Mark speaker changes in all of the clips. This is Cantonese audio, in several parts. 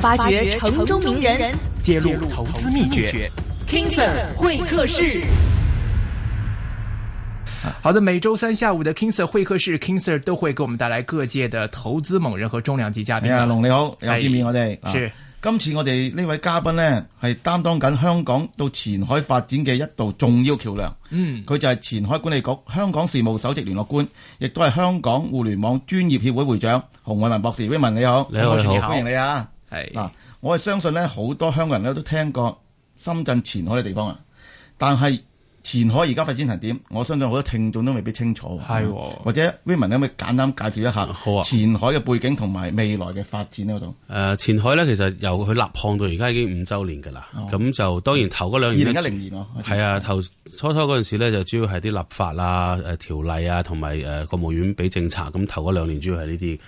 Speaker 1: 發掘城中名人，揭露投資秘訣。King Sir 會客室，好的，每周三下午的 King Sir 會客室，King Sir 都會給我們帶來各界的投資猛人和重量級嘉賓。阿龍、啊、你好，又見面我哋。是、啊、今次我哋呢位
Speaker 2: 嘉賓呢，係擔當緊香港到前海發展嘅一道重要橋樑。嗯，佢就係前海管理局香港事務首席聯絡官，亦都係香港互聯網專業協會會長洪為民博士。為民你好，你好，你好歡迎你啊！嗱，係啊，我係相信咧，好多香港人咧都聽過深圳前海嘅地方啊，但係。前海而家發展成點？我相信好多聽眾都未必清楚。係、哦、或者 Witman 可唔可以簡單介紹一下前海嘅背景同埋未來嘅發展嗰度？
Speaker 3: 誒、嗯，前海呢，其實由佢立項到而家已經五周年㗎啦。咁、哦、就當然頭嗰兩年，二零一零年咯，係啊，頭初初嗰陣時咧就主要係啲立法啊、誒條例啊同埋誒國務院俾政策。咁頭嗰兩年主要係呢啲。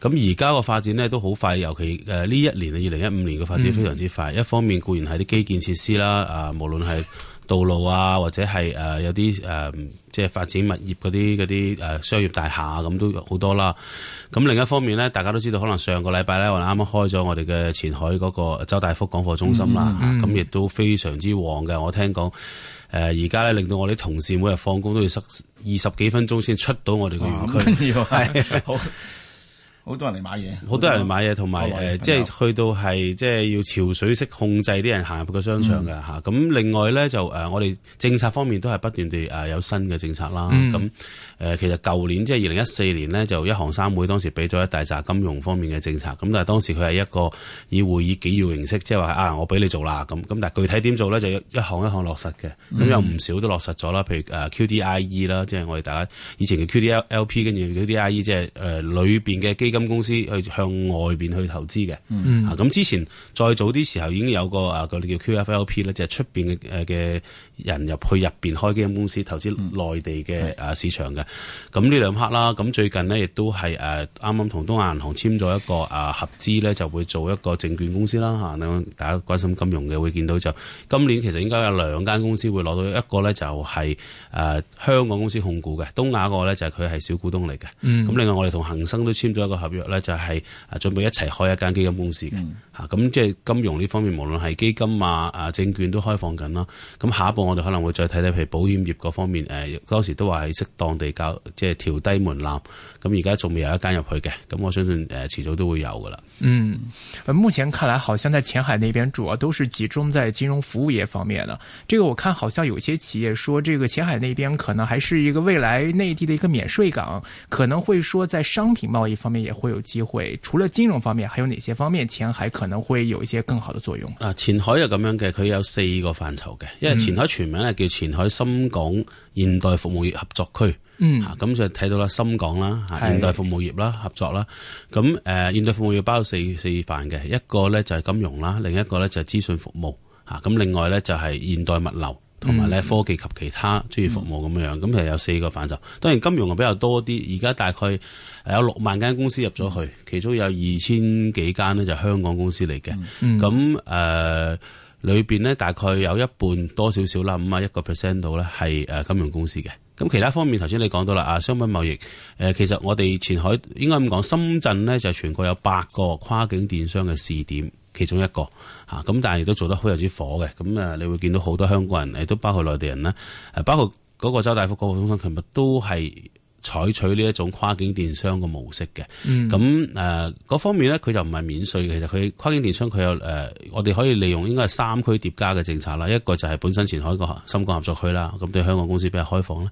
Speaker 3: 咁而家個發展呢，都好快，尤其誒呢、呃、一年二零一五年嘅發展非常之快。嗯、一方面固然係啲基建設施啦，啊、呃，無論係。道路啊，或者係誒有啲誒，即係發展物業嗰啲嗰啲誒商業大廈咁，都好多啦。咁另一方面呢，大家都知道，可能上個禮拜咧，我哋啱啱開咗我哋嘅前海嗰個周大福港貨中心啦，咁亦、嗯嗯、都非常之旺嘅。我聽講誒，而家咧令到我哋啲同事每日放工都要塞二十幾分鐘先出到我哋嘅園區，係好、哦。
Speaker 2: 好多人嚟買嘢，好多人嚟買嘢，同埋誒，即係
Speaker 3: 去到係即係要潮水式控制啲人行入個商場嘅吓。咁、嗯啊、另外咧就誒、呃，我哋政策方面都係不斷地誒、啊、有新嘅政策啦。咁誒、嗯啊，其實舊年即係二零一四年呢，就一行三會當時俾咗一大紮金融方面嘅政策。咁但係當時佢係一個以會議紀要形式，即係話啊，我俾你做啦。咁咁但係具體點做咧，就一行一項落實嘅。咁、嗯嗯、有唔少都落實咗啦，譬如誒 QDIE 啦，啊 Q D I e, 即係我哋大家以前嘅 QDLP 跟住 QDIE，即係誒、呃、裏邊嘅基金。公司去向外邊去投資嘅，嗯、啊，咁之前再早啲時候已經有個啊，啲叫 QFLP 咧，啊，就係出邊嘅誒嘅人入去入邊開基金公司投資內地嘅啊、嗯、啊市場嘅。咁呢兩刻啦，咁最近呢亦都係誒啱啱同東亞銀行簽咗一個啊合資咧，就會做一個證券公司啦。吓、啊，大家關心金融嘅會見到就今年其實應該有兩間公司會攞到一個咧，就係、是、誒、啊、香港公司控股嘅東亞個咧就係佢係小股東嚟嘅。咁、嗯、另外我哋同恆生都簽咗一個。合約咧就係啊，準備一齊開一間基金公司嘅。嗯咁即係金融呢方面，無論係基金啊、啊證券都開放緊啦。咁下一步我哋可能會再睇睇，譬如保險業嗰方面，誒、呃、當時都話係適當地交，即係調低門檻。咁而家仲未有一間入去
Speaker 1: 嘅，咁我相信誒、呃、遲早都會有噶啦。嗯，目前看來，好像在前海嗰邊主要都是集中在金融服務業方面呢。這個我看好像有些企業說，這個前海嗰邊可能還是一個未來內地的一個免稅港，可能會說在商品貿易方面也會有機會。除了金融方面，還有哪些方面？前海可能？能會有一些更好的作用。
Speaker 3: 啊，前海係咁樣嘅，佢有四個範疇嘅，因為前海全名係叫前海深港現代服務業合作區。嗯，咁就睇到啦，深港啦，現代服務業啦，合作啦。咁誒、哎，現代服務業包括四四範嘅，一個呢就係金融啦，另一個呢就係資訊服務，吓咁，另外呢就係現代物流。同埋咧科技及其他專業、嗯、服務咁樣，咁、嗯、其實有四個範疇。當然金融啊比較多啲，而家大概有六萬間公司入咗去，其中有二千幾間咧就係香港公司嚟嘅。咁誒裏邊咧大概有一半多少少啦，五啊一個 percent 度咧係誒金融公司嘅。咁其他方面頭先你講到啦啊商品貿易誒、呃、其實我哋前海應該咁講，深圳呢就全國有八個跨境電商嘅試點。其中一個嚇，咁但係亦都做得好有啲火嘅，咁誒，你會見到好多香港人亦都包括內地人啦，誒，包括嗰個周大福、嗰個中心，其實都係。採取呢一種跨境電商嘅模式嘅，咁誒嗰方面呢，佢就唔係免稅嘅。其實佢跨境電商佢有誒、呃，我哋可以利用應該係三區疊加嘅政策啦。一個就係本身前海個深港合作區啦，咁對香港公司比較開放啦。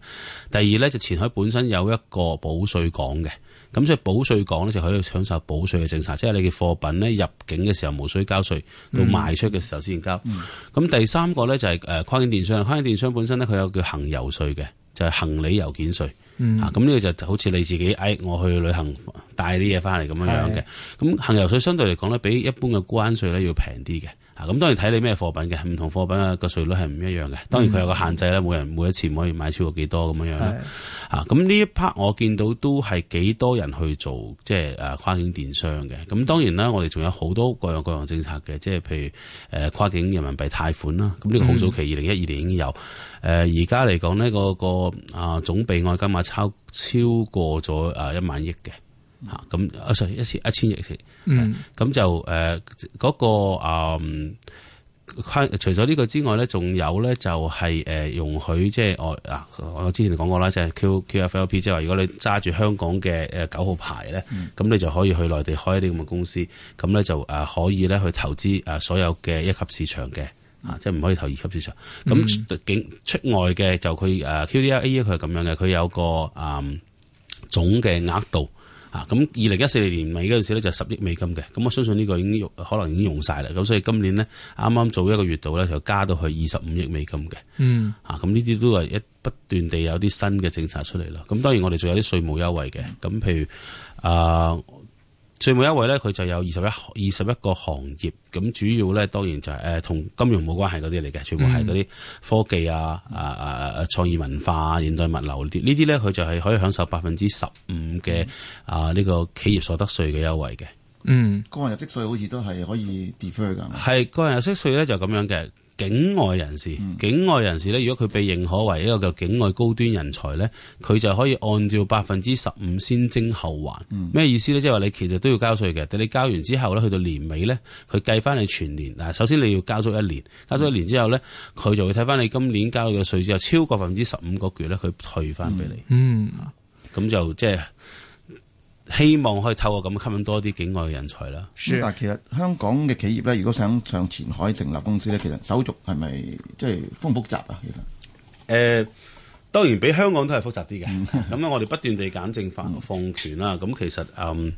Speaker 3: 第二呢，就前海本身有一個保稅港嘅，咁所以保稅港呢就可以享受保稅嘅政策，即係你嘅貨品呢入境嘅時候無需交稅，到賣出嘅時候先交。咁、嗯嗯、第三個呢，就係、是、誒跨境電商，跨境電商本身呢，佢有叫行郵稅嘅，就係、是、行李郵件稅。嗯，吓、啊、咁、這、呢個就好似你自己，誒我去旅行帶啲嘢翻嚟咁樣樣嘅，咁是行郵稅相對嚟講咧，比一般嘅關稅咧要平啲嘅。咁當然睇你咩貨品嘅，唔同貨品個稅率係唔一樣嘅。當然佢有個限制啦，每人每一次唔可以買超過幾多咁樣樣啦。咁呢是的 一 part 我見到都係幾多人去做即係誒跨境電商嘅。咁當然啦，我哋仲有好多各樣各樣政策嘅，即係譬如誒跨境人民幣貸款啦。咁、這、呢個好早期，二零一二年已經有。誒而家嚟講呢個個啊總備案金額超超過咗啊一萬億嘅。吓，咁啊一千一千億先。嗯，咁就誒嗰個誒，除咗呢個之外咧，仲有咧就係誒容許即係我嗱、啊，我之前講過啦，即係 Q QFLP 即係話，如果你揸住香港嘅誒九號牌咧，咁、嗯、你就可以去內地開啲咁嘅公司，咁咧就誒可以咧去投資誒所有嘅一級市場嘅，啊，嗯、即係唔可以投二級市場。咁、嗯、境、嗯嗯、出外嘅就佢誒 QDIA 佢係咁樣嘅，佢有個誒、嗯、總嘅額度。啊！咁二零一四年尾嗰陣時咧，就十億美金嘅。咁我相信呢個已經用，可能已經用晒啦。咁所以今年呢，啱啱做一個月度咧，就加到去二十五億美金嘅。嗯。啊！咁呢啲都係一不斷地有啲新嘅政策出嚟啦。咁當然我哋仲有啲稅務優惠嘅。咁譬如啊。呃稅務優惠咧，佢就有二十一二十一個行業，咁主要咧當然就係誒同金融冇關係嗰啲嚟嘅，全部係嗰啲科技啊、啊、呃、啊創意文化、啊、現代物流呢啲，呢啲咧佢就係可以享受百分之十五嘅啊呢個企業所得稅嘅優惠嘅。
Speaker 2: 嗯，個人入息稅好似都係可以 defer 㗎。
Speaker 3: 係個人入息稅咧就咁樣嘅。境外人士，境外人士咧，如果佢被認可為一個叫境外高端人才咧，佢就可以按照百分之十五先徵後還。咩意思咧？即係話你其實都要交稅嘅，但你交完之後咧，去到年尾咧，佢計翻你全年嗱。首先你要交咗一年，交咗一年之後咧，佢就會睇翻你今年交嘅稅之後超過百分之十五嗰橛咧，佢退翻俾你。嗯，咁就即係。希望可以透過咁吸引多啲境外嘅人才啦。是但
Speaker 2: 係其實香港嘅企業咧，如果想上前海成立公司咧，其實手續係咪即係複唔複雜啊？其實，誒、
Speaker 3: 呃、當然比香港都係複雜啲嘅。咁啊，我哋不斷地簡政放放權啦。咁、 嗯、其實誒。嗯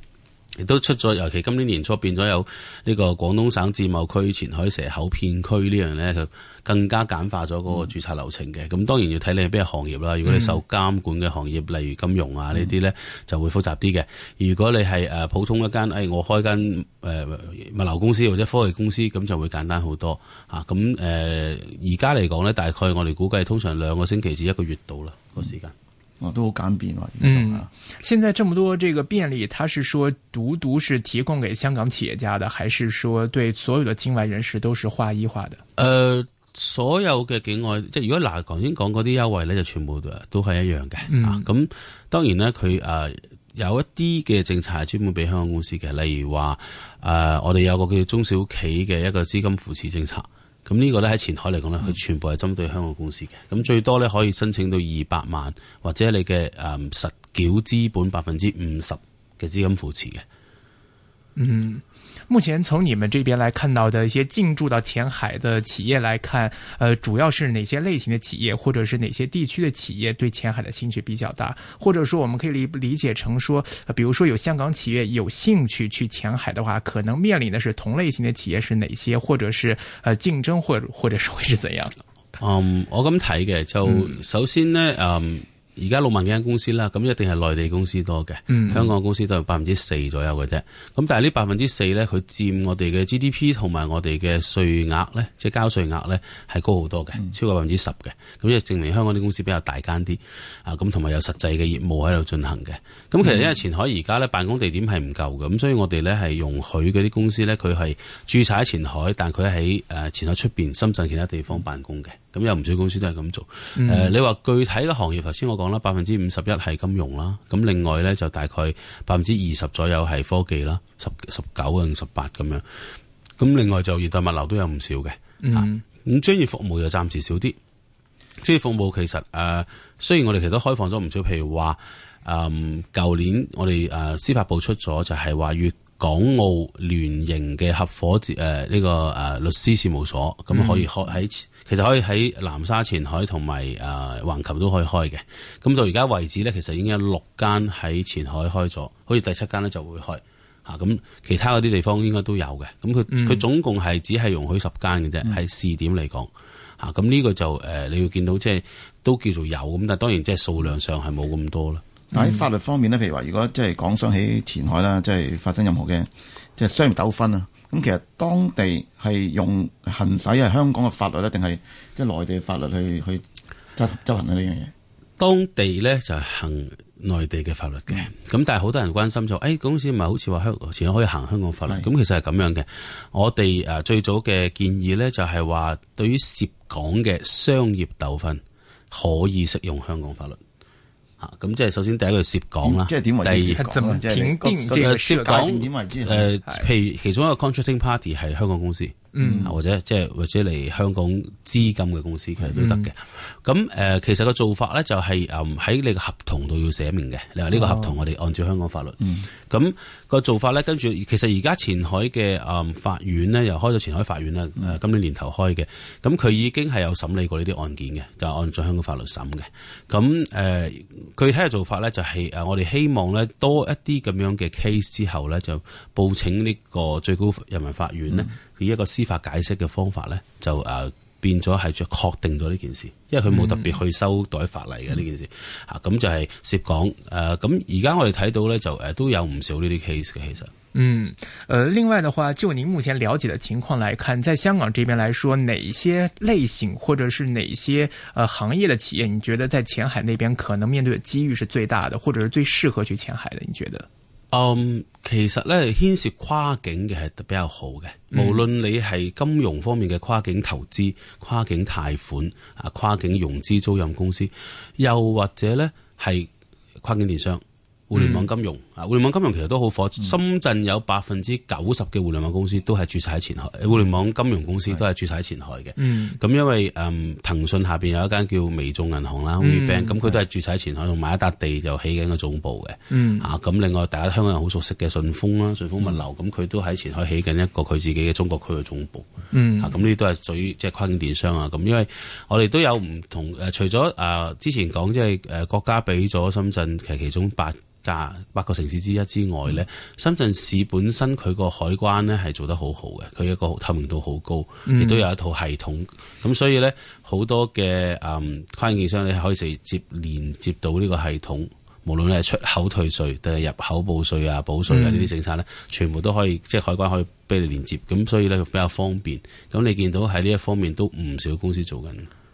Speaker 3: 亦都出咗，尤其今年年初變咗有呢個廣東省自貿區前海蛇口片區呢樣咧，就更加簡化咗嗰個註冊流程嘅。咁、嗯、當然要睇你係咩行業啦。嗯、如果你受監管嘅行業，例如金融啊呢啲咧，嗯、就會複雜啲嘅。如果你係誒普通一間誒、哎、我開間誒、呃、物流公司或者科技公司，咁就會簡單好多嚇。咁誒而家嚟講咧，大概我哋估計通常兩個星期至一個月到啦、那個時間。嗯
Speaker 1: 都好簡便咯、啊。嗯，種現在這麼多這個便利，他是說獨獨是提供給香港企業家的，還是說對所有的境外人士都是劃一化的？
Speaker 3: 誒、呃，所有嘅境外，即係如果嗱，頭先講嗰啲優惠呢，就全部都係一樣嘅。嗯、啊，咁當然呢，佢誒、呃、有一啲嘅政策係專門俾香港公司嘅，例如話誒、呃，我哋有個叫中小企嘅一個資金扶持政策。咁呢個咧喺前海嚟講咧，佢全部係針對香港公司嘅。咁最多咧可以申請到二百萬，或者你嘅誒、呃、實繳資本百分之五十嘅資金扶
Speaker 1: 持嘅。嗯。目前從你們這邊來看到的一些進駐到前海的企業來看，呃，主要是哪些類型的企業，或者是哪些地區的企業對前海的興趣比較大？或者說，我們可以理理解成說，呃，比如說有香港企業有興趣去前海的話，可能面臨的是同類型的企業是哪些，或者是呃競爭或者或者是會是怎樣的？嗯，我咁睇嘅就首先呢，
Speaker 3: 嗯。而家六萬幾間公司啦，咁一定係內地公司多嘅，嗯、香港公司都係百分之四左右嘅啫。咁但係呢百分之四呢，佢佔我哋嘅 GDP 同埋我哋嘅稅額呢，即係交稅額呢，係高好多嘅，超過百分之十嘅。咁亦證明香港啲公司比較大間啲啊，咁同埋有實際嘅業務喺度進行嘅。咁其實因為前海而家呢，辦公地點係唔夠嘅，咁所以我哋呢，係容許嗰啲公司呢，佢係註冊喺前海，但佢喺誒前海出邊深圳其他地方辦公嘅。咁有唔少公司都係咁做。誒、嗯呃，你話具體嘅行業，頭先我講。百分之五十一係金融啦，咁另外咧就大概百分之二十左右係科技啦，十十九定十八咁樣。咁另外就現代物流都有唔少嘅，嗯，咁專、啊、業服務又暫時少啲。專業服務其實誒、呃，雖然我哋其實都開放咗唔少，譬如話誒，舊、嗯、年我哋誒、啊、司法部出咗就係話粵港澳聯營嘅合夥誒呢個誒、呃、律師事務所，咁可以開喺。嗯其實可以喺南沙前海同埋誒橫琴都可以開嘅，咁到而家為止咧，其實已經有六間喺前海開咗，好似第七間咧就會開嚇。咁、啊、其他嗰啲地方應該都有嘅。咁佢佢總共係只係容許十間嘅啫，喺、嗯、試點嚟講嚇。咁、啊、呢、這個就誒、呃、你要見到即係都叫做有咁，但係當然即係數量上係冇咁多啦。喺、嗯、法律方面咧，譬如話，如果即係港商喺前海
Speaker 2: 啦，即係發生任何嘅即係商業糾紛啊。咁其實當地係用
Speaker 3: 行使係香港嘅法律咧，定係即係內地嘅法律去去執執行呢樣嘢？當地咧就係、行內地嘅法律嘅，咁的但係好多人關心就誒，陣時唔係好似話香，前可以行香港法律，咁的其實係咁樣嘅。我哋誒、啊、最早嘅建議咧就係、係、話，對於涉港嘅商業糾紛，可以適用香港法律。咁即係首先第一個涉港啦，港第二，點點、嗯、涉港點為之？誒、呃，譬如其中一個 contracting party 係香港公司，嗯或，或者即係或者嚟香港資金嘅公司，嗯、其實都得嘅。咁誒，其實個做法咧就係誒喺你個合同度要寫明嘅。你話呢個合同我哋按照香港法律，咁、嗯。個做法咧，跟住其實而家前海嘅誒法院咧，又開咗前海法院啦。誒、嗯，今年年頭開嘅，咁佢已經係有審理過呢啲案件嘅，就是、按照香港法律審嘅。咁誒，具體嘅做法咧，就係、是、誒，我哋希望咧多一啲咁樣嘅 case 之後咧，就報請呢個最高人民法院呢，嗯、以一個司法解釋嘅方法咧，就誒。呃變咗係就確定咗呢件事，因為佢冇特別去收袋法例嘅呢、嗯、件事嚇，咁、啊、就係涉港誒。咁而家我哋睇到咧就誒、呃、都有唔少呢啲
Speaker 1: case 嘅其實。嗯，誒、呃、另外嘅話，就您目前了解的情況來看，在香港這邊來說，哪一些類型或者是哪一些誒、呃、行業嘅企業，你覺得在前海呢邊可能面對嘅機遇係最大嘅，或者係最適合去前海嘅？你覺得？嗯，um,
Speaker 3: 其實咧牽涉跨境嘅係比較好嘅，無論你係金融方面嘅跨境投資、跨境貸款啊、跨境融資租賃公司，又或者咧係跨境電商、互聯網金融。互聯網金融其實都好火，嗯、深圳有百分之九十嘅互聯網公司都係註冊喺前海，互聯網金融公司都係註冊喺前海嘅。咁、嗯、因為誒、嗯、騰訊下邊有一間叫微眾銀行啦 WeBank，咁佢都係註冊喺前海，同埋一笪地就起緊個總部嘅。嚇咁、嗯啊、另外大家香港人好熟悉嘅順豐啦，順豐物流，咁佢、嗯、都喺前海起緊一個佢自己嘅中國區嘅總部。咁呢啲都係屬於即係跨境電商啊。咁因為我哋都有唔同誒，除咗誒之前講即係誒國家俾咗深圳其實其中八架八個城。之一之外呢，深圳市本身佢個海關呢係做得好好嘅，佢一個透明度好高，亦都有一套系統。咁、嗯、所以呢，好多嘅，嗯跨境商，咧可以直接連接到呢個系統，無論你係出口退稅定係入口報稅啊、保稅啊呢啲政策呢，全部都可以即係海關可以俾你連接。咁所以咧比較方便。咁你見
Speaker 1: 到喺呢一方面都唔少公司做緊。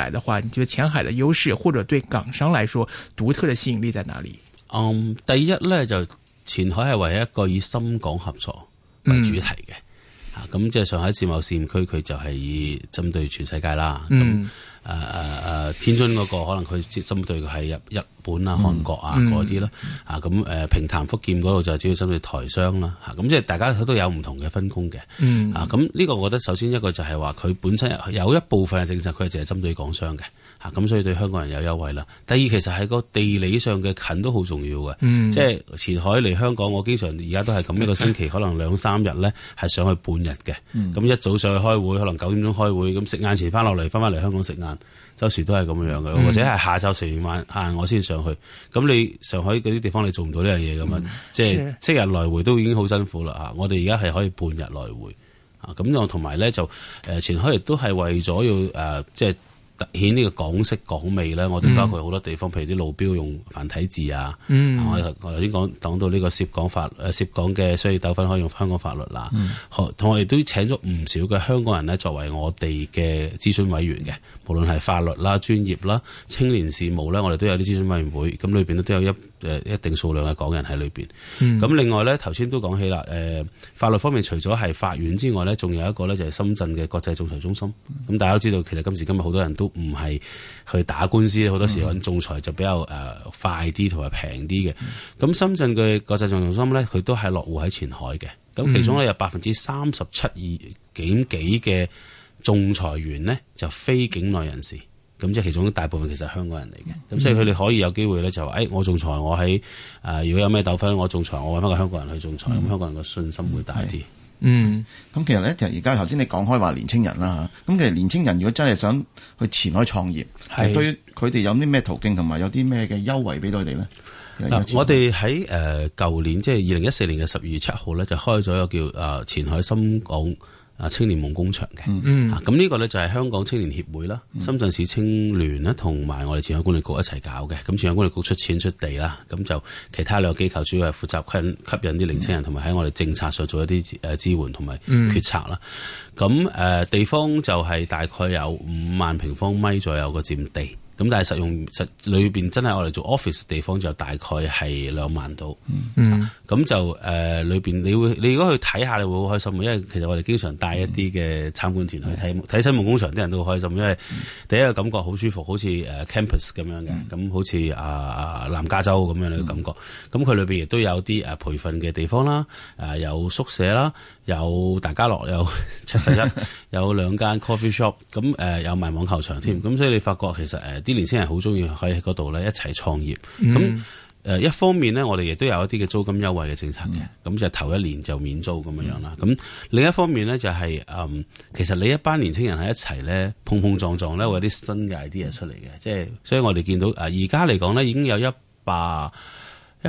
Speaker 1: 來的話，你覺得前海的優勢或者對港商來說獨特的吸引力在哪裏？嗯，第一呢就前海係唯一一個以
Speaker 3: 深港合作為主題嘅，啊、嗯，咁即係上海自貿試驗區佢就係以針對全世界啦。嗯。誒誒誒，天津嗰、那個可能佢針對係日日本啊、嗯、韓國啊嗰啲咯，啊咁誒，平潭福建嗰度就主要針對台商啦，吓咁即係大家都有唔同嘅分工嘅，嗯、啊咁呢個我覺得首先一個就係話佢本身有一部分嘅政策佢係淨係針對港商嘅。咁所以對香港人有優惠啦。第二，其實係個地理上嘅近都好重要嘅，即係前海嚟香港，我經常而家都係咁一個星期可能兩三日咧，係上去半日嘅。咁一早上去開會，可能九點鐘開會，咁食晏前翻落嚟，翻翻嚟香港食晏，周時都係咁樣嘅，或者係下晝食完晏，我先上去。咁你上海嗰啲地方你做唔到呢樣嘢咁啊？即係即日來回都已經好辛苦啦。啊，我哋而家係可以半日來回啊。咁我同埋咧就誒前海亦都係為咗要誒即係。凸顯呢個港式港味咧，我哋包括好多地方，譬如啲路標用繁體字啊。Mm hmm. 我我頭先講講到呢個涉港法，誒涉港嘅商業糾紛可以用香港法律啦。同、mm hmm. 我哋都請咗唔少嘅香港人咧，作為我哋嘅諮詢委員嘅，無論係法律啦、專業啦、青年事務咧，我哋都有啲諮詢委員會，咁裏邊咧都有一。誒一定數量嘅港人喺裏邊，咁、嗯、另外呢，頭先都講起啦。誒、呃、法律方面除咗係法院之外呢，仲有一個呢就係深圳嘅國際仲裁中心。咁、嗯、大家都知道其實今時今日好多人都唔係去打官司，好多時候仲裁就比較誒快啲同埋平啲嘅。咁、嗯嗯、深圳嘅國際仲裁中心呢，佢都係落戶喺前海嘅。咁其中呢，有百分之三十七二點幾嘅仲裁員呢，就非境內人士。咁即係其中大部分其實係香港人嚟嘅，咁所以佢哋可以有機會咧就話，誒、欸，我仲裁，我喺誒、呃，如果有咩糾紛，我仲裁，我搵返個香港人去仲裁，咁、嗯、香港人嘅信心會大啲。嗯，咁、嗯、其實咧，其實而家頭先你講開話年青人啦
Speaker 2: 嚇，咁其實年青人如果真係想去前海創業，係對佢哋有啲咩途徑同埋有啲
Speaker 3: 咩嘅優惠俾到佢哋咧？嗱、嗯，我哋喺誒舊年即係二零一四年嘅十二月七號咧，就是、開咗一個叫誒前海深港。啊，青年夢工場嘅，咁、嗯啊這個、呢個咧就係、是、香港青年協會啦，深圳市青聯啦，同埋我哋前海管理局一齊搞嘅，咁前海管理局出錢出地啦，咁、啊、就其他兩個機構主要係負責吸引吸引啲年輕人，同埋喺我哋政策上做一啲誒支援同埋決策啦。咁誒、嗯啊、地方就係大概有五萬平方米左右個佔地。咁但係實用實裏邊真係我哋做 office 地方就大概係兩萬度，咁、嗯啊、就誒、呃、裏邊你會你如果去睇下你會好開心，因為其實我哋經常帶一啲嘅參觀團去睇睇、嗯、新夢工場，啲人都好開心，因為第一個感覺好舒服，好似誒 campus 咁樣嘅，咁、嗯、好似啊、呃、南加州咁樣嘅感覺，咁佢、嗯、裏邊亦都有啲誒培訓嘅地方啦，誒、呃、有宿舍啦。有大家樂，有七十一，有兩間 coffee shop，咁誒有埋網球場添，咁 所以你發覺其實誒啲年青人好中意喺嗰度咧一齊創業，咁誒 一方面呢，我哋亦都有一啲嘅租金優惠嘅政策嘅，咁 就頭一年就免租咁樣樣啦，咁 另一方面呢、就是，就係誒其實你一班年青人喺一齊呢，碰碰撞撞咧會有啲新嘅 idea 出嚟嘅，即係所以我哋見到誒而家嚟講呢，已經有一百一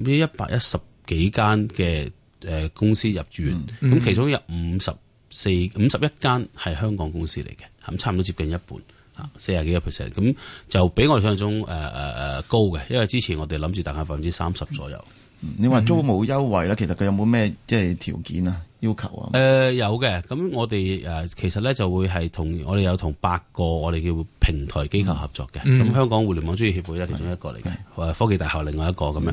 Speaker 3: 唔一百一十幾間嘅。誒，公司入住，咁、嗯、其中有五十四、五十一間係香港公司嚟嘅，咁差唔多接近一半，吓四十幾個 percent，咁就比我哋想像中誒誒誒高嘅，因為之前我哋諗住大概百分之三十左右。嗯、你話租冇優惠咧，其實
Speaker 2: 佢有冇咩即係條件啊？嗯嗯要
Speaker 3: 求啊？誒、呃、有嘅，咁我哋誒、啊、其實咧就會係同我哋有同八個我哋叫平台機構合作嘅，咁、嗯、香港互聯網專業協會咧其中一個嚟嘅，科技大學另外一個咁、嗯、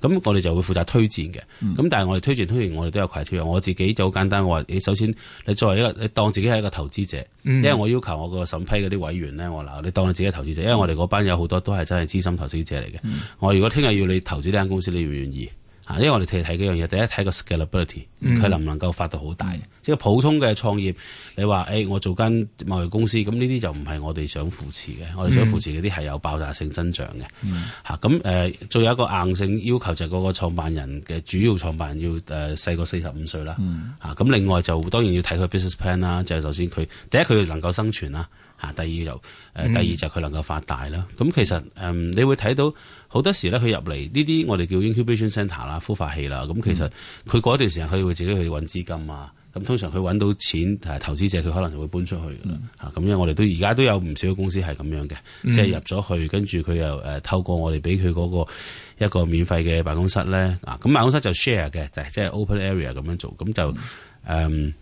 Speaker 3: 樣，咁我哋就會負責推薦嘅，咁、嗯、但係我哋推薦，當然我哋都有排除，我自己就好簡單，我話你首先你作為一個你當自己係一個投資、嗯、投資者，因為我要求我個審批嗰啲委員咧，我嗱你當你自己係投資者，因為我哋嗰班有好多都係真係資深投資者嚟嘅，嗯、我如果聽日要你投資呢間公司，你願唔願意？啊，因為我哋睇睇幾樣嘢，第一睇個 scalability，佢能唔能夠發到好大？嗯、即係普通嘅創業，你話誒、哎，我做間貿易公司，咁呢啲就唔係我哋想扶持嘅，我哋想扶持嗰啲係有爆炸性增長嘅。嚇、嗯，咁誒、啊，仲有一個硬性要求就係、是、嗰個創辦人嘅主要創辦人要誒細過四十五歲啦。嚇、嗯，咁、啊、另外就當然要睇佢 business plan 啦，就首先佢第一佢能夠生存啦。第二就誒，第二就佢能夠發大啦。咁、嗯、其實誒，um, 你會睇到好多時咧，佢入嚟呢啲我哋叫 incubation centre 啦、孵化器啦。咁其實佢嗰段時間，佢會自己去揾資金啊。咁通常佢揾到錢，投資者佢可能就會搬出去咁、嗯、因為我哋都而家都有唔少公司係咁樣嘅，即係入咗去，跟住佢又誒、呃、透過我哋俾佢嗰個一個免費嘅辦公室咧。咁、啊、辦公室就 share 嘅，就係即係 open area 咁樣做，咁就誒。嗯嗯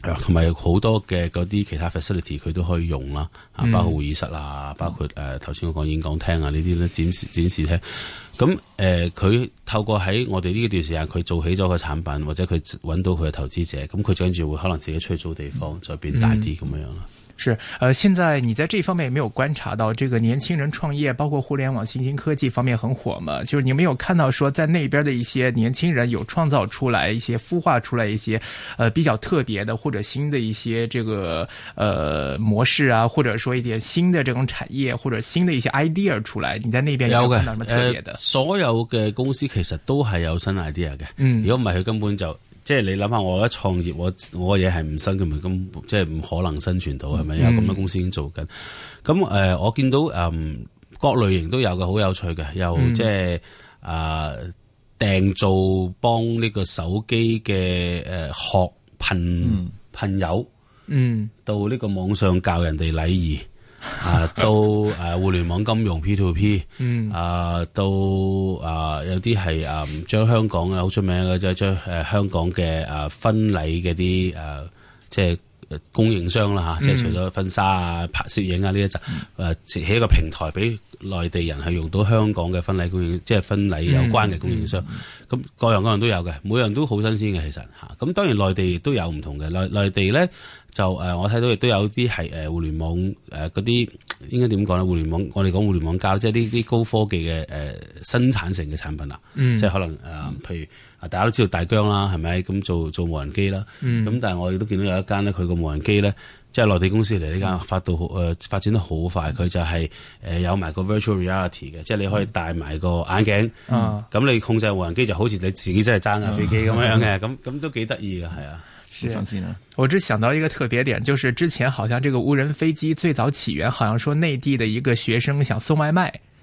Speaker 3: 同埋好多嘅嗰啲其他 facility，佢都可以用啦，啊、嗯，包括會議室啊，包括誒頭先我講演講廳啊呢啲咧，展示展示廳。咁誒，佢、呃、透過喺我哋呢段時間，佢做起咗個產
Speaker 1: 品，或者佢揾到佢嘅投資者，咁佢跟住會可能自己出去租地方，再、嗯、變大啲咁、嗯、樣樣啦。是，呃，現在你在這方面也沒有觀察到這個年輕人創業，包括互聯網、新興科技方面很火嗎？就是你沒有看到說在那邊的一些年輕人有創造出來一些孵化出來一些，呃，比較特別的或者新的一些這個呃模式啊，或者說一點新的這種產業或者新的一些 idea 出來？你在那邊沒有看到什麼特別的？有的，呃，所有嘅公司其實都係有新 idea 嘅，嗯，如果唔係佢
Speaker 3: 根本就。即係你諗下，我一創業，我我嘢係唔新嘅，咁即係唔可能生存到，係咪？有咁嘅公司已經做緊。咁誒、嗯，我見到誒，各類型都有嘅，好有趣嘅，又即係啊，訂做幫呢個手機嘅誒學朋朋友，嗯，到呢個網上教人哋禮儀。嗯啊，到誒，互聯網金融 P2P，嗯、啊，啊，到啊，將有啲係啊，將香港嘅好出名嘅即係將誒香港嘅誒婚禮嘅啲誒，即係供應商啦吓、啊，即係除咗婚紗啊、拍攝影啊呢一集，誒、啊，設起一個平台俾內地人去用到香港嘅婚禮供應，即係婚禮有關嘅供應商，咁、嗯嗯、各樣各樣都有嘅，每樣都好新鮮嘅其實吓，咁、啊、當然內地亦都有唔同嘅內內地咧。就誒，我睇到亦都有啲係誒互聯網誒嗰啲，應該點講咧？互聯網，呃、我哋講互聯網加，即係啲啲高科技嘅誒、呃、生產性嘅產品啦。即係、嗯、可能誒，譬、呃、如大家都知道大疆啦，係咪？咁做做無人機啦。嗯。咁但係我亦都見到有一間咧，佢個無人機咧，即、就、係、是、內地公司嚟呢間發到誒發展得好快。佢、嗯、就係誒有埋個 virtual reality 嘅，即係你可以戴埋個眼鏡。啊。咁你控制個無人機就好似你自己真係揸架飛機咁樣嘅，咁咁都幾得意嘅，係啊。
Speaker 1: 這我只想到一個特別點，就是之前好像這個無人飛機最早起源，好像說內地的一個學生想送外賣。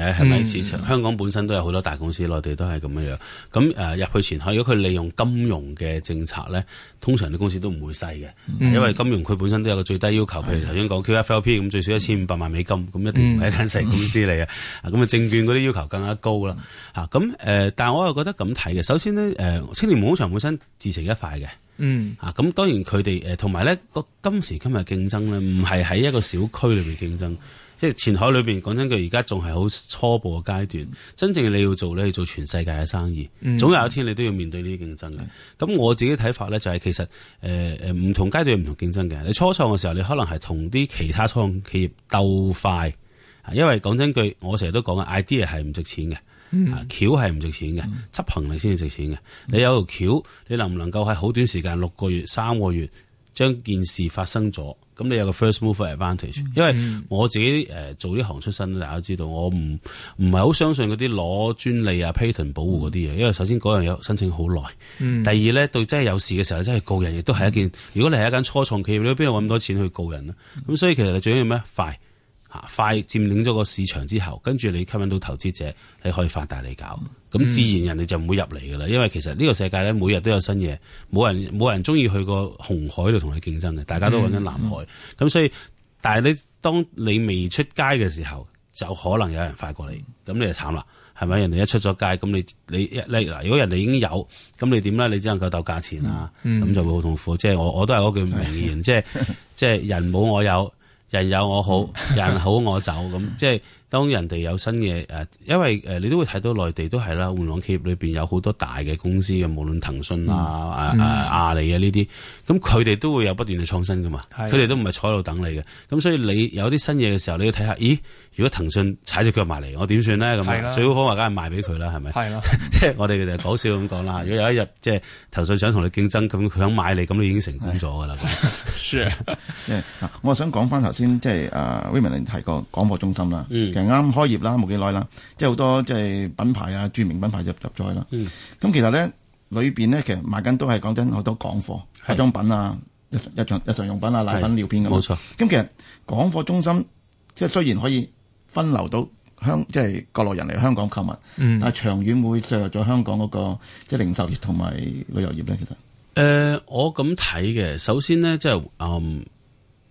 Speaker 3: 係咪？之前、嗯、香港本身都有好多大公司，內地、嗯、都係咁樣樣。咁誒，入、呃、去前海，如果佢利用金融嘅政策咧，通常啲公司都唔會細嘅，嗯、因為金融佢本身都有個最低要求。譬如頭先講 QFLP，咁最少一千五百萬美金，咁一定唔係一間細公司嚟嘅。咁啊、嗯，嗯、證券嗰啲要求更加高啦。吓咁誒，但係、呃、我又覺得咁睇嘅。首先呢，誒、呃，青年廣場本身自成一塊嘅。嗯。吓咁、啊啊，當然佢哋誒，同埋咧個今時今日競爭咧，唔係喺一個小區裏邊競爭。即係前海裏邊，講真句，而家仲係好初步嘅階段。嗯、真正你要做，你去做全世界嘅生意。嗯、總有一天你都要面對呢啲競爭嘅。咁、嗯、我自己睇法咧、就係，就係其實誒誒唔同階段唔同競爭嘅。你初創嘅時候，你可能係同啲其他初創企業鬥快。因為講真句，我成日都講嘅 idea 係唔值錢嘅，嗯、啊橋係唔值錢嘅，執、嗯、行力先至值錢嘅。你有條橋，你能唔能夠喺好短時間六個月、三個月將件事發生咗？咁你有個 first mover advantage，因為我自己誒、呃、做呢行出身，大家都知道我唔唔係好相信嗰啲攞專利啊 patent 保護嗰啲嘢，因為首先嗰樣申請好耐，第二咧，到真係有事嘅時候真係告人亦都係一件，如果你係一間初創企業，你邊度揾咁多錢去告人咧？咁所以其實你最緊要咩？快！啊、快佔領咗個市場之後，跟住你吸引到投資者，你可以發大利搞。咁、嗯、自然人哋就唔會入嚟噶啦，因為其實呢個世界咧，每日都有新嘢，冇人冇人中意去個紅海度同你競爭嘅，大家都揾緊藍海。咁、嗯、所以，但係你當你未出街嘅時候，就可能有人快過你，咁你就慘啦，係咪？人哋一出咗街，咁你你嗱，如果人哋已經有，咁你點咧？你只能夠鬥價錢啦，咁、嗯、就會好痛苦。即、就、係、是、我我，我都係嗰句名言，即係即係人冇我有。人有我好，人好我走，咁 即係。當人哋有新嘢，誒，因為誒你都會睇到內地都係啦，互聯網企業裏邊有好多大嘅公司嘅，無論騰訊啊、啊、阿里啊呢啲，咁佢哋都會有不斷嘅創新噶嘛。佢哋都唔係坐喺度等你嘅，咁所以你有啲新嘢嘅時候，你要睇下，咦？如果騰訊踩隻腳埋嚟，我點算呢？咁最好可能梗係賣俾佢啦，係咪？係啦，我哋就係講笑咁講啦。如果有一日即係騰訊想同你競爭，咁佢想買你，咁你已經成功咗噶啦。
Speaker 1: 我
Speaker 2: 想講翻頭先，即係啊 William 提過廣播中心啦。啱啱開業啦，冇幾耐啦，即係好多即係品牌啊，著名品牌就入入咗去啦。嗯，咁其實咧裏邊咧，其實賣緊都係講緊，好多港貨、化妝是品啊、日日常日常用品啊、奶粉、尿是片咁，冇錯。咁錯其實港貨中心即係雖然可以分流到香，即係國內人嚟香港購物，嗯、但係長遠會削弱咗香港嗰個即係零售業同埋旅遊業咧。其實，
Speaker 3: 誒、呃，我咁睇嘅，首先咧，即係嗯。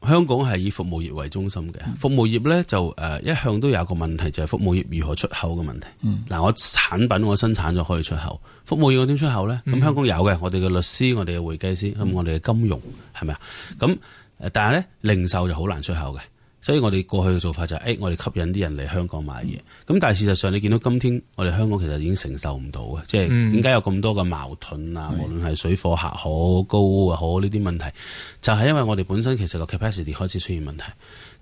Speaker 3: 香港係以服務業為中心嘅，服務業咧就誒、呃、一向都有個問題，就係、是、服務業如何出口嘅問題。嗱、嗯，我產品我生產咗可以出口，服務業我點出口咧？咁、嗯嗯、香港有嘅，我哋嘅律師、我哋嘅會計師，咁我哋嘅金融係咪啊？咁、嗯嗯、但係咧，零售就好難出口嘅。所以我哋過去嘅做法就係、是，誒、哎，我哋吸引啲人嚟香港買嘢。咁但係事實上，你見到今天我哋香港其實已經承受唔到嘅，即係點解有咁多嘅矛盾啊？無論係水貨客好高啊好呢啲問題，就係、是、因為我哋本身其實個 capacity 開始出現問題。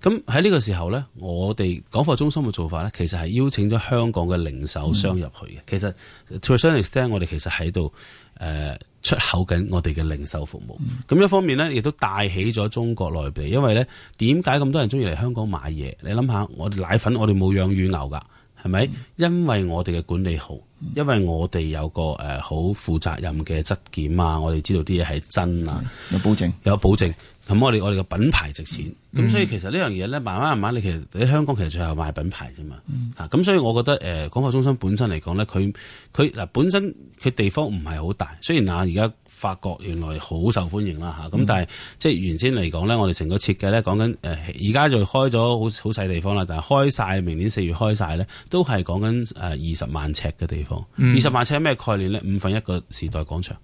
Speaker 3: 咁喺呢個時候咧，我哋港貨中心嘅做法咧，其實係邀請咗香港嘅零售商入去嘅。嗯、其實 to a certain extent 我哋其實喺度誒，呃出口緊我哋嘅零售服務，咁一方面咧，亦都帶起咗中國內地。因為咧，點解咁多人中意嚟香港買嘢？你諗下，我哋奶粉，我哋冇養乳牛㗎。係咪？因為我哋嘅管理好，因為我哋有個誒好負責任嘅質檢啊，我哋知道啲嘢係真啊，有保證，有保證。咁我哋我哋嘅品牌值錢。咁、嗯、所以其實呢樣嘢咧，慢慢慢慢，你其實喺香港其實最後賣品牌啫嘛。吓、嗯，咁所以我覺得誒，廣、呃、播中心本身嚟講咧，佢佢嗱本身佢地方唔係好大，雖然嗱而家。發覺原來好受歡迎啦嚇，咁但係即係原先嚟講呢，我哋成個設計呢，講緊誒，而家就開咗好好細地方啦，但係開晒，明年四月開晒呢，都係講緊誒二十萬尺嘅地方。二十萬尺咩概念呢？五分一個時代廣場，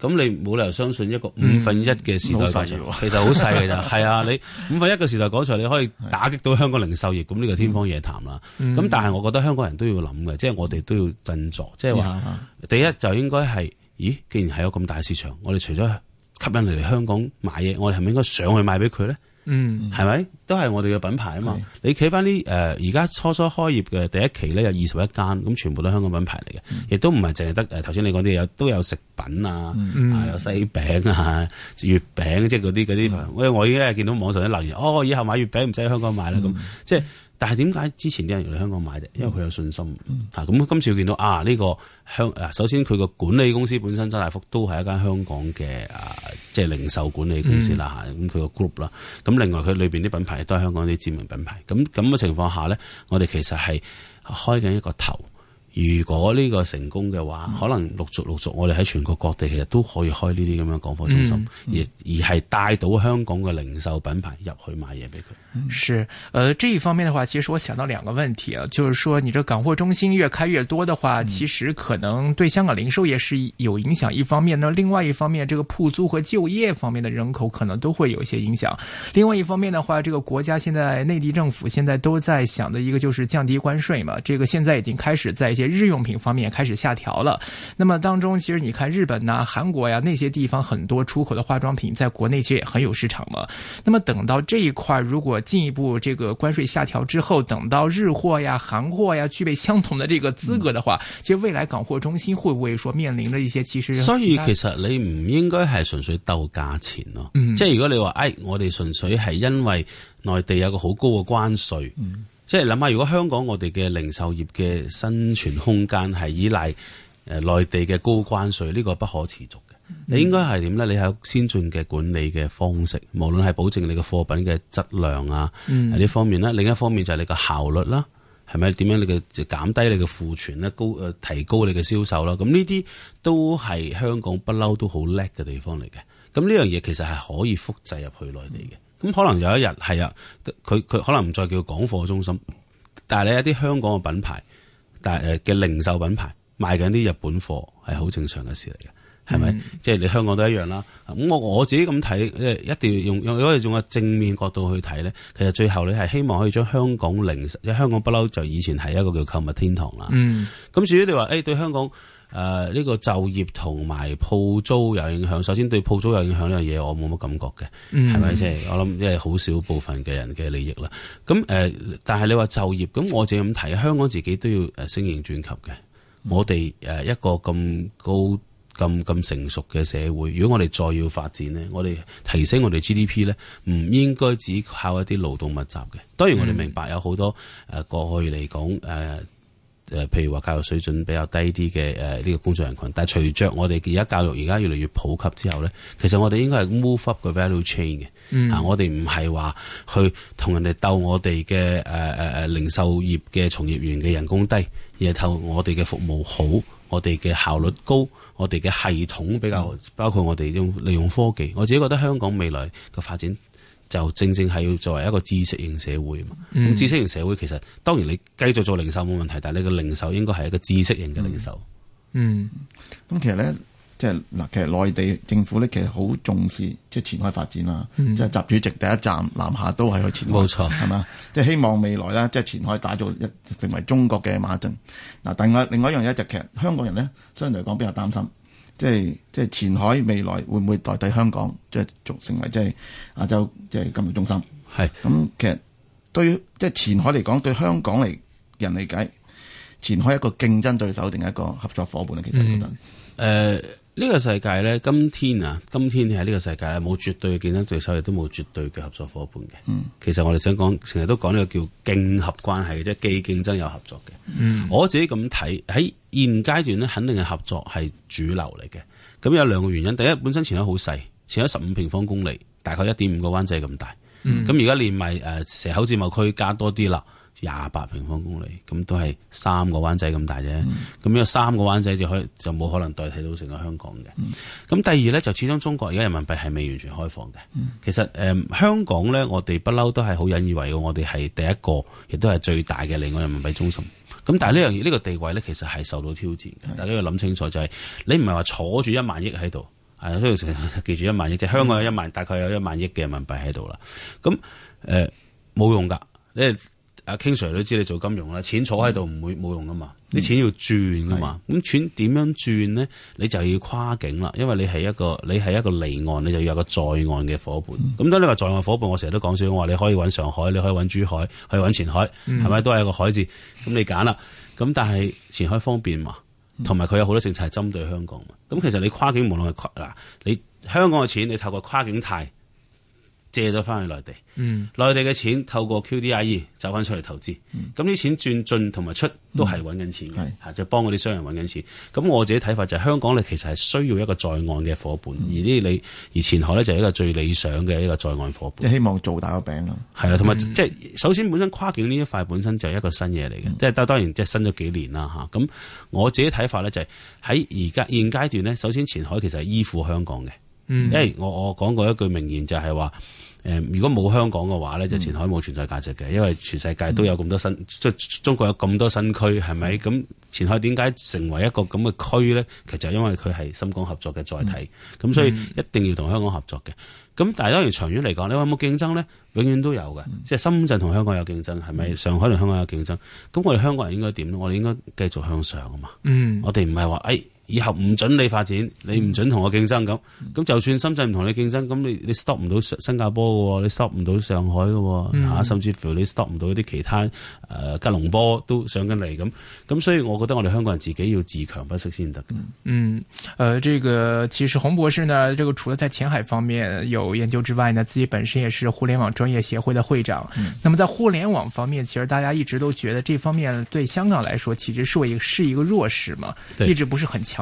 Speaker 3: 咁你冇理由相信一個五分一嘅時代廣場，其實好細㗎咋，係啊，你五分一嘅時代廣場你可以打擊到香港零售業，咁呢個天方夜譚啦。咁但係我覺得香港人都要諗嘅，即係我哋都要振作，即係話第一就應該係。咦，既然係有咁大市場，我哋除咗吸引嚟香港買嘢，我哋係咪應該上去賣俾佢咧？嗯，係咪都係我哋嘅品牌啊嘛？是你睇翻啲誒，而、呃、家初初開業嘅第一期咧，有二十一間，咁全部都係香港品牌嚟嘅，亦、嗯、都唔係淨係得誒頭先你講啲有都有食品啊，嗯、啊有西餅啊、月餅、啊月餅，即係嗰啲嗰啲。喂，嗯、我依家見到網上啲留言，哦，以後買月餅唔使喺香港買啦，咁即係。嗯嗯但係點解之前啲人嚟香港買啫？因為佢有信心，吓咁、嗯、今次見到啊呢個香啊，首先佢個管理公司本身周大福都係一間香港嘅啊，即係零售管理公司啦吓，咁佢個 group 啦，咁另外佢裏邊啲品牌都係香港啲知名品牌，咁咁嘅情況下咧，我哋其實係開緊一個頭。如果呢個成功嘅話，嗯、可能陸續陸續我哋喺全國各地其實都可以開呢啲咁樣港貨中心，嗯嗯、而而係帶到香港嘅零售品牌入去買嘢俾佢。
Speaker 1: 是，呃，這一方面嘅話，其實我想到兩個問題啊，就是說，你這港貨中心越開越多的話，其實可能對香港零售業是有影響。一方面呢，呢另外一方面，這個鋪租和就業方面的人口可能都會有一些影響。另外一方面的話，這個國家現在內地政府現在都在想的一個就是降低關稅嘛，這個現在已經開始在。日用品方面開始下調了，那麼當中其實你看日本吶、啊、韓國呀、啊、那些地方，很多出口的化妝品在國內其實也很有市場嘛。那麼等到這一塊如果進一步這個關稅下調之後，等到日貨呀、韓貨呀具備相同的這個資格的話、嗯，其實未來港貨中心會不會說面臨的一些其實其？所以其
Speaker 3: 實你唔應該係純粹鬥價錢咯，嗯，即係如果你話哎，我哋純粹係因為內地有個好高嘅關稅，嗯。即係諗下，如果香港我哋嘅零售業嘅生存空間係依賴誒內地嘅高關稅，呢、這個不可持續嘅。你應該係點咧？你有先進嘅管理嘅方式，無論係保證你嘅貨品嘅質量啊、呢、嗯、方面咧。另一方面就係你嘅效率啦、啊，係咪？點樣你嘅就減低你嘅庫存咧？高誒、呃，提高你嘅銷售啦、啊。咁呢啲都係香港不嬲都好叻嘅地方嚟嘅。咁呢樣嘢其實係可以複製入去內地嘅。嗯咁可能有一日係啊，佢佢可能唔再叫港貨中心，但係你一啲香港嘅品牌，但係誒嘅零售品牌賣緊啲日本貨係好正常嘅事嚟嘅，係咪？嗯、即係你香港都一樣啦。咁我我自己咁睇，即係一定要用用，如果你用個正面角度去睇咧，其實最後你係希望可以將香港零售，即係香港不嬲就以前係一個叫購物天堂啦。嗯，咁至於你話誒對香港。誒呢、呃這個就業同埋鋪租有影響。首先對鋪租有影響呢樣嘢，我冇乜感覺嘅，係咪，即係我諗，即係好少部分嘅人嘅利益啦。咁誒、呃，但係你話就業，咁我自己咁提，香港自己都要誒升級轉型嘅。嗯、我哋誒一個咁高、咁咁成熟嘅社會，如果我哋再要發展呢，我哋提升我哋 GDP 呢，唔應該只靠一啲勞動密集嘅。當然我哋明白有好多誒、呃、過去嚟講誒。呃誒，譬如話教育水準比較低啲嘅誒呢個工作人群，但係隨着我哋而家教育而家越嚟越普及之後咧，其實我哋應該係 move up 個 value chain 嘅、嗯、啊。我哋唔係話去同人哋鬥我，我哋嘅誒誒誒零售業嘅從業員嘅人工低，而係透過我哋嘅服務好，我哋嘅效率高，我哋嘅系統比較包括我哋用利用科技。我自己覺得香港未來嘅發展。就正正係要作為一個知識型社會咁、嗯、知識型社會其實當然你繼續做零售冇問題，但係你個零售應該係一個知識型嘅零售。
Speaker 2: 嗯，咁、嗯、其實咧，即係嗱，其實內地政府咧其實好重視即係前海發展啦，即係習主席第一站南下都係去前海，冇錯沒錯，係嘛？即係希望未來咧，即係前海打造一成為中國嘅馬鎮。嗱，另外另外一樣嘢就其實香港人咧，相對嚟講比較擔心。即係即係前海未來會唔會代替香港，即係做成為，即係亞洲即係金融中心？係咁是其實，對即係前海嚟講，對香港嚟人嚟解，
Speaker 3: 前海一個競爭對手定係一個合作伙伴咧？其實我覺得、嗯，誒、呃。呢個世界咧，今天啊，今天喺呢個世界咧，冇絕對嘅競爭對手，亦都冇絕對嘅合作伙伴嘅。嗯，其實我哋想講，成日都講呢個叫競合關係即係，既競爭又合作嘅。嗯，我自己咁睇，喺現階段咧，肯定係合作係主流嚟嘅。咁有兩個原因，第一，本身前海好細，前海十五平方公里，大概一點五個灣仔咁大。嗯，咁而家連埋誒蛇口自貿區加多啲啦。廿八平方公里咁都係三個灣仔咁大啫，咁有三個灣仔就可以就冇可能代替到成個香港嘅。咁、嗯、第二咧就始終中國而家人民幣係未完全開放嘅。嗯、其實誒、呃、香港咧，我哋不嬲都係好引以為傲，我哋係第一個，亦都係最大嘅另外人民幣中心。咁但係呢樣呢個地位咧，其實係受到挑戰嘅。大家要諗清楚、就是，就係你唔係話坐住一萬億喺度，係都要記住一萬億，即係香港有一萬，嗯、大概有一萬億嘅人民幣喺度啦。咁誒冇用㗎，你。你阿 King Sir 都知你做金融啦，錢坐喺度唔會冇用噶嘛，啲、嗯、錢要轉噶嘛，咁轉點樣轉咧？你就要跨境啦，因為你係一個你係一個離岸，你就要有個在岸嘅伙伴。咁、嗯、當你話在岸伙伴，我成日都講笑，我話你可以揾上海，你可以揾珠海，可以揾前海，係咪、嗯、都係一個海字？咁你揀啦。咁但係前海方便嘛，同埋佢有好多政策係針對香港。咁其實你跨境無論係跨嗱，你香港嘅錢你透過跨境貸。借咗翻去內地，內地、嗯、內地嘅錢透過 QDIE 走翻出嚟投資，咁啲、嗯、錢轉進同埋出都係揾緊錢嘅，吓、嗯、就幫我啲商人揾緊錢。咁我自己睇法就係香港咧，其實係需要一個在岸嘅伙伴，而呢你而前海咧就係一個最理想嘅一個在岸伙伴。即係希望做大個餅咯。係啦、啊，同埋即係首先本身跨境呢一塊本身就係一個新嘢嚟嘅，即係當當然即係新咗幾年啦吓。咁我自己睇法咧就係喺而家現階段咧，首先前海其實係依附香港嘅。嗯，誒，我我講過一句名言就係、是、話，誒、呃，如果冇香港嘅話咧，嗯、就前海冇存在價值嘅，因為全世界都有咁多新，即係、嗯、中國有咁多新區，係咪？咁前海點解成為一個咁嘅區咧？其實因為佢係深港合作嘅載體，咁、嗯、所以一定要同香港合作嘅。咁但係當然長遠嚟講，你話有冇競爭咧？永遠都有嘅，嗯、即係深圳同香港有競爭，係咪？嗯、上海同香港有競爭，咁我哋香港人應該點？我哋應該繼續向上啊嘛。嗯，嗯我哋唔係話誒。哎以後唔准你發展，你唔准同我競爭咁。咁就算深圳唔同你競爭，咁你你 stop 唔到新加坡嘅，你 stop 唔到上海嘅，嗯、啊，甚至乎你 stop 唔到一啲其他誒、呃、吉隆坡都上緊嚟咁。咁所以我覺得我哋香港人自己要自強不息先得。嗯，
Speaker 1: 誒、呃，這個其實洪博士呢，呢、這個除了喺前海方面有研究之外呢，呢自己本身也是互聯網專業協會的會長。嗯。那麼在互聯網方面，其實大家一直都覺得這方面對香港來說，其實是一個，是一個弱勢嘛，一直不是很強。.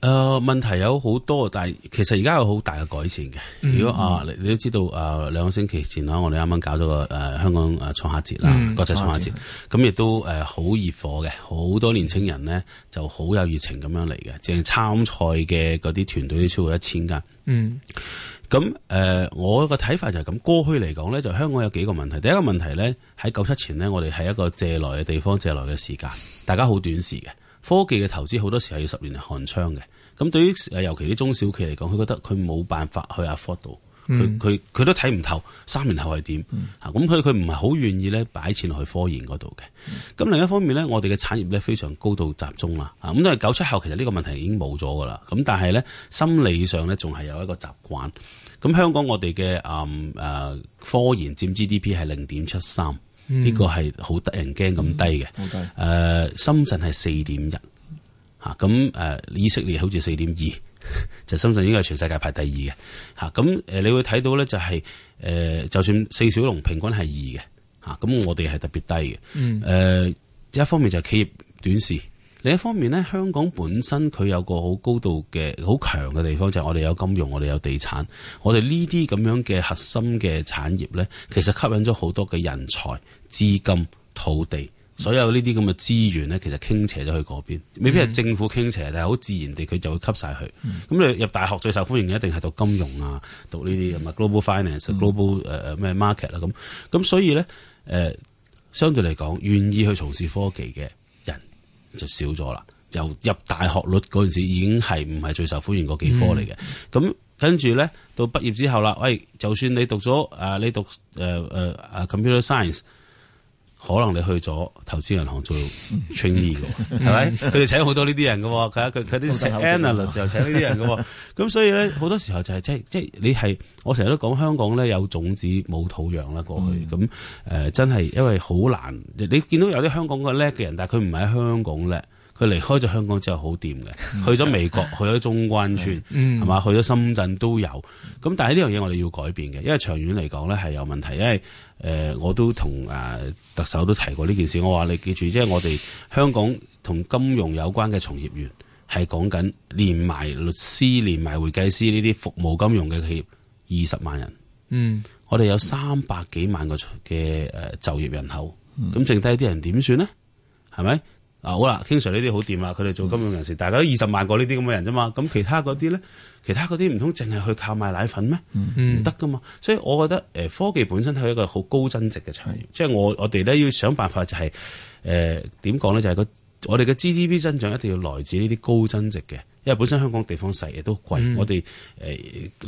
Speaker 3: 誒、呃，問題有好多，但係其實而家有好大嘅改善嘅。嗯、如果啊，你你都知道，誒、呃，兩星期前啊，我哋啱啱搞咗個誒、呃、香港誒創下節創客節啦，嗯、國際創客節，咁亦是、嗯、都誒好熱火嘅，好多年青人呢就好有熱情咁樣嚟嘅，淨係參賽嘅嗰啲團隊都超過一千間。嗯，咁誒、嗯呃，我個睇法就係咁，過去嚟講呢，就香港有幾個問題，第一個問題呢，喺九七前呢，我哋係一個借來嘅地方，借來嘅時間，大家好短時嘅。科技嘅投資好多時係要十年嚟寒窗嘅，咁對於尤其啲中小企嚟講，佢覺得佢冇辦法去 afford 到，佢佢佢都睇唔透三年後係點嚇，咁所以佢唔係好願意咧擺錢落去科研嗰度嘅。咁另一方面咧，我哋嘅產業咧，非常高度集中啦，嚇，咁都係九七後其實呢個問題已經冇咗噶啦。咁但係咧，心理上咧，仲係有一個習慣。咁、啊、香港我哋嘅誒誒科研佔 GDP 係零點七三。呢、嗯、個係好得人驚咁低嘅，誒、嗯呃，深圳係四點一，吓咁誒，以色列好似四點二， 就深圳應該係全世界排第二嘅，吓咁誒，你會睇到咧就係、是、誒、呃，就算四小龍平均係二嘅，吓、啊、咁我哋係特別低嘅，誒、嗯呃，一方面就係企業短視。另一方面咧，香港本身佢有個好高度嘅、好強嘅地方，就係、是、我哋有金融，我哋有地產，我哋呢啲咁樣嘅核心嘅產業咧，其實吸引咗好多嘅人才、資金、土地，所有呢啲咁嘅資源咧，其實傾斜咗去嗰邊，未必係政府傾斜，但係好自然地佢就會吸晒去。咁、嗯、你入大學最受歡迎嘅一定係讀金融啊，讀呢啲咁嘅 global finance、global 誒誒咩 market 啦咁。咁所以咧，誒、呃、相對嚟講，願意去從事科技嘅。就少咗啦，由入大學率嗰陣時已經係唔係最受歡迎嗰幾科嚟嘅，咁跟住咧到畢業之後啦，喂，就算你讀咗啊、呃，你讀誒誒誒 computer science。可能你去咗投資銀行做 trainee 嘅，係咪？佢哋請好多呢啲人嘅，佢佢佢啲做 analyst 請呢啲人嘅，咁所以咧好多時候就係、是、即即你係我成日都講香港咧有種子冇土壤啦，過去咁誒的、呃、真係因為好難，你見到有啲香港嘅叻嘅人，但係佢唔係喺香港叻，佢離開咗香港之後好掂嘅，去咗美國，去咗中關村，係嘛、嗯？去咗深圳都有，咁但係呢樣嘢我哋要改變嘅，因為長遠嚟講咧係有問題，因為。誒，我都同誒特首都提過呢件事。我話你記住，即係我哋香港同金融有關嘅從業員係講緊連埋律師、連埋會計師呢啲服務金融嘅企業二十萬人。嗯，我哋有三百幾萬個嘅誒就業人口。咁剩低啲人點算呢？係咪？嗱，好啦，King Sir 呢啲好掂啦，佢哋做金融人士，大家都二十萬個呢啲咁嘅人啫嘛，咁其他嗰啲咧，其他嗰啲唔通淨係去靠賣奶粉咩？唔得噶嘛，所以我覺得誒科技本身係一個好高增值嘅產業，即係、mm hmm. 我我哋咧要想辦法就係誒點講咧，就係、是那個我哋嘅 GDP 增長一定要來自呢啲高增值嘅，因為本身香港地方細嘢都貴，mm hmm. 我哋誒、呃、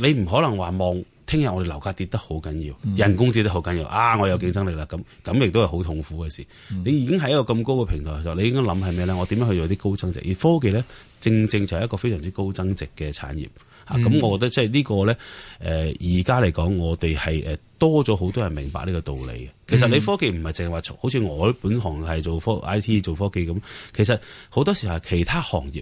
Speaker 3: 你唔可能話望。聽日我哋樓價跌得好緊要，人工跌得好緊要啊！我有競爭力啦，咁咁亦都係好痛苦嘅事。嗯、你已經喺一個咁高嘅平台度，你應該諗係咩咧？我點樣去做啲高增值？而科技咧，正正就係一個非常之高增值嘅產業，嗯、啊！咁我覺得即係呢個咧，誒而家嚟講，我哋係誒多咗好多人明白呢個道理嘅。其實你科技唔係淨係話好似我本行係做科 I T 做科技咁，其實好多時候係其他行業。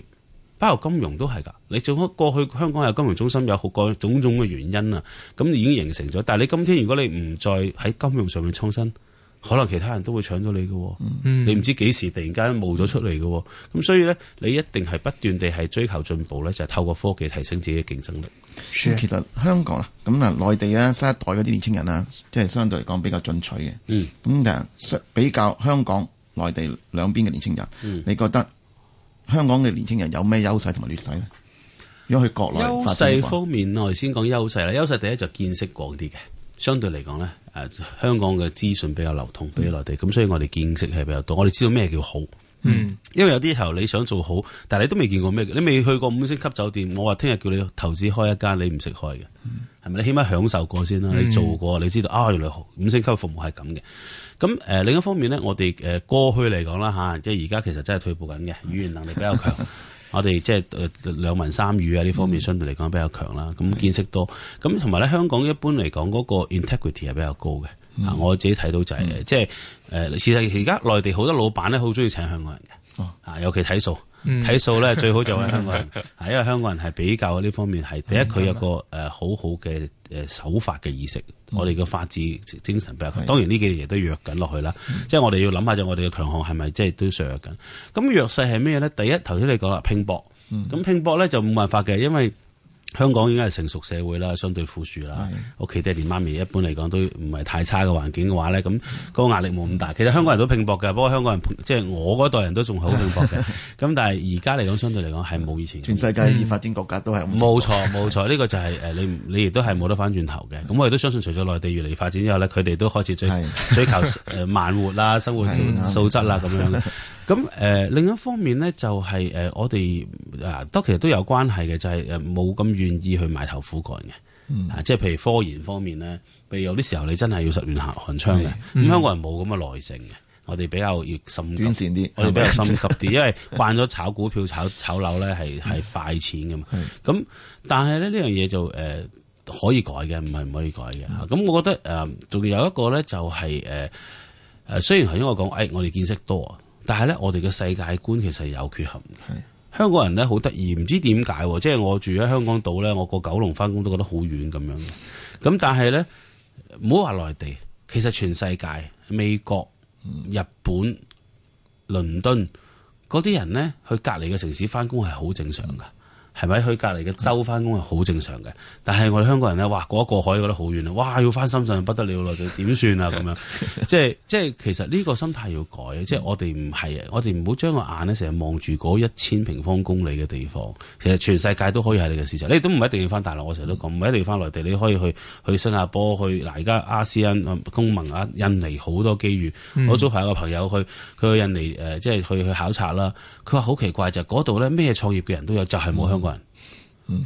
Speaker 3: 包括金融都係㗎，你做開過去香港有金融中心，有好多種種嘅原因啊。咁你、嗯、已經形成咗，但係你今天如果你唔再喺金融上面創新，可能其他人都會搶咗你嘅。嗯、你唔知幾時突然間冒咗出嚟嘅。咁、嗯、所以咧，你一定係不斷地係追求進步咧，就係、透過科技提升自己嘅競爭力。嗯、
Speaker 2: 其實香港啦，咁啊內地啊新一代嗰啲年輕人啊，即、就、係、係、相對嚟講比較進取嘅。咁、嗯、但係比較香港內地兩邊嘅年輕人，嗯、你覺得？香港嘅年青人有咩優
Speaker 3: 勢同埋劣勢咧？如果去國內，優勢方面我哋先講優勢啦。優勢第一就見識廣啲嘅，相對嚟講咧，誒、啊、香港嘅資訊比較流通比較內地，咁、嗯、所以我哋見識係比較多。我哋知道咩叫好，嗯，因為有啲時候你想做好，但係你都未見過咩，你未去過五星級酒店。我話聽日叫你投資開一間，你唔識開嘅，係咪、嗯？你起碼享受過先啦，你做過，嗯、你知道啊，原來、哎、好，五星級服務係咁嘅。咁，誒另一方面咧，我哋誒過去嚟講啦嚇，即係而家其實真係退步緊嘅。語言能力比較強， 我哋即係兩文三語啊呢方面相對嚟講比較強啦。咁、嗯、見識多，咁同埋咧香港一般嚟講嗰個 integrity 係比較高嘅，嗯、我自己睇到就係、是，嗯、即係誒事實而家內地好多老闆咧好鍾意請香港人嘅。啊，尤其睇數，睇數咧最好就係香港人，啊， 因為香港人係比較呢方面係，第一佢有一個誒好好嘅誒守法嘅意識，嗯、我哋嘅法治精神比較強。嗯、當然呢幾年亦都弱緊落去啦，即係、嗯、我哋要諗下就我哋嘅強項係咪即係都削弱緊？咁、嗯、弱勢係咩咧？第一頭先你講啦，拼搏，咁、嗯、拼搏咧就冇辦法嘅，因為。香港已經係成熟社會啦，相對富庶啦，屋企爹哋媽咪一般嚟講都唔係太差嘅環境嘅話咧，咁個壓力冇咁大。其實香港人都拼搏嘅，不過香港人即係、就是、我嗰代人都仲好拼搏嘅。咁的但係而家嚟講，相對嚟講係冇以前。全世界發展國家都係冇錯冇錯，呢、嗯這個就係、是、誒、呃，你你亦都係冇得翻轉頭嘅。咁的我亦都相信，除咗內地越嚟越發展之後咧，佢哋都開始追的追求誒、呃、慢活啦，生活素素質啦咁的樣。咁誒另一方面咧，就係誒我哋啊，都其實都有關係嘅，就係誒冇咁願意去埋頭苦幹嘅啊。即係譬如科研方面咧，譬如有啲時候你真係要十年寒寒窗嘅。咁香港人冇咁嘅耐性嘅，我哋比較要心急啲，我哋比較心急啲，文因為慣咗炒股票炒、炒炒樓咧，係係快錢噶嘛。咁、嗯、文對但係咧呢樣嘢就誒可以改嘅，唔係唔可以改嘅。咁、嗯、我覺得誒仲有一個咧，就係誒誒，雖然頭先我講誒，我哋見識多。但係咧，我哋嘅世界觀其實有缺陷。係的香港人咧，好得意，唔知點解，即係我住喺香港島咧，我過九龍返工都覺得好遠咁樣。咁但係咧，唔好話內地，其實全世界美國、日本、倫敦嗰啲人咧，去隔籬嘅城市返工係好正常㗎。嗯係咪去隔離嘅州返工係好正常嘅？但係我哋香港人咧，哇過一過海覺得好遠啊！哇，要返深圳不得了咯，點算啊？咁樣，即係即係其實呢個心態要改，即係我哋唔係啊！我哋唔好將個眼咧成日望住嗰一千平方公里嘅地方，其實全世界都可以係你嘅市場。你都唔一定要返大陸，我成日都講唔一定要返內地，你可以去去新加坡，去嗱而家阿斯恩公民啊、印尼好多機遇。我早排有個朋友去，佢去印尼誒，即係去去考察啦。佢話好奇怪就嗰度咧，咩創業嘅人都有，就係冇香港。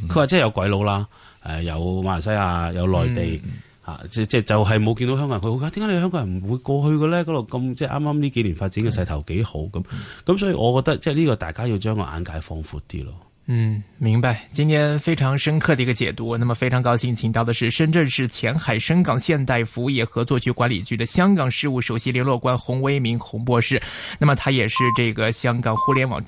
Speaker 3: 佢話即係有鬼佬啦，誒有馬來西亞，有內地吓，即即，嗯、就係冇見到香港人。佢點解？點解你香港人唔會過去嘅呢？嗰度咁即係啱啱呢幾
Speaker 1: 年發展嘅勢頭幾好咁。咁，嗯、所以我覺得即係呢個大家要將個眼界放闊啲咯。嗯，明白。今天非常深刻嘅一個解讀。那麼非常高興請到嘅，是深圳市前海深港現代服務業合作區管理局嘅香港事務首席聯絡官洪為民洪博士。那麼他也是這個香港互聯網。